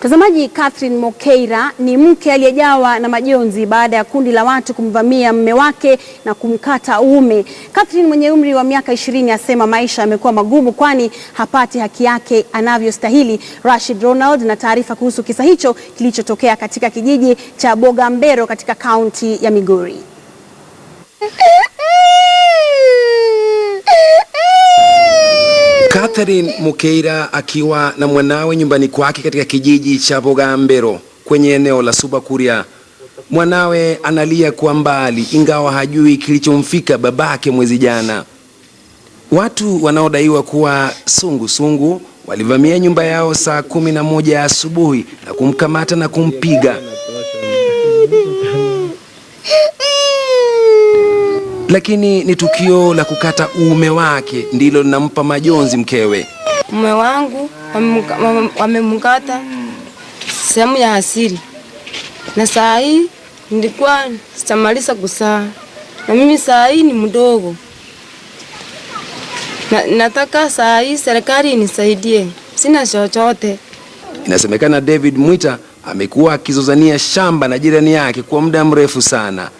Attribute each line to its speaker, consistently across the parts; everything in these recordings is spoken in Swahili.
Speaker 1: Mtazamaji, Catherine Mokeira ni mke aliyejawa na majonzi baada ya kundi la watu kumvamia mume wake na kumkata uume. Catherine mwenye umri wa miaka ishirini asema maisha yamekuwa magumu kwani hapati haki yake anavyostahili. Rashid Ronald na taarifa kuhusu kisa hicho kilichotokea katika kijiji cha Bogambero katika kaunti ya Migori.
Speaker 2: Catherine Mukeira akiwa na mwanawe nyumbani kwake katika kijiji cha Bogambero kwenye eneo la Subakuria. Mwanawe analia kwa mbali, ingawa hajui kilichomfika babake mwezi jana. Watu wanaodaiwa kuwa sungusungu walivamia nyumba yao saa kumi na moja asubuhi na kumkamata na kumpiga lakini ni tukio la kukata uume wake ndilo linampa majonzi mkewe.
Speaker 3: Mume wangu wamemkata sehemu ya asili, na saa hii nilikuwa sitamaliza kusaa, na mimi saa hii ni mdogo na, nataka saa hii serikali inisaidie, sina chochote.
Speaker 2: Inasemekana David Mwita amekuwa akizozania shamba na jirani yake kwa muda mrefu sana.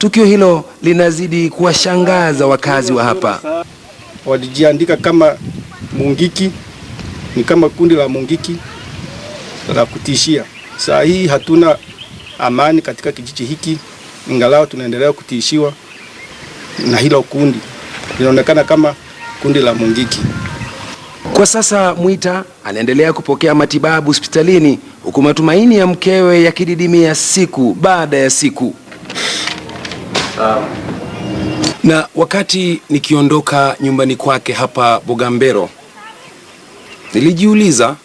Speaker 2: Tukio hilo linazidi kuwashangaza wakazi wa hapa.
Speaker 4: Walijiandika kama Mungiki, ni kama kundi la Mungiki la kutishia. Saa hii hatuna amani katika kijiji hiki, ingalao tunaendelea kutishiwa na hilo kundi, linaonekana kama kundi la Mungiki.
Speaker 2: Kwa sasa Mwita anaendelea kupokea matibabu hospitalini huku matumaini ya mkewe yakididimia siku baada ya siku. Na wakati nikiondoka nyumbani kwake hapa bogambero nilijiuliza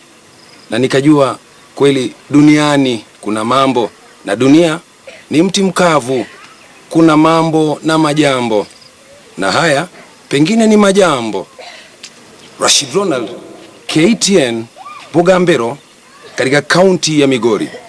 Speaker 2: na nikajua kweli duniani kuna mambo na dunia ni mti mkavu. Kuna mambo na majambo, na haya pengine ni majambo. Rashid Ronald, KTN, bogambero katika kaunti ya Migori.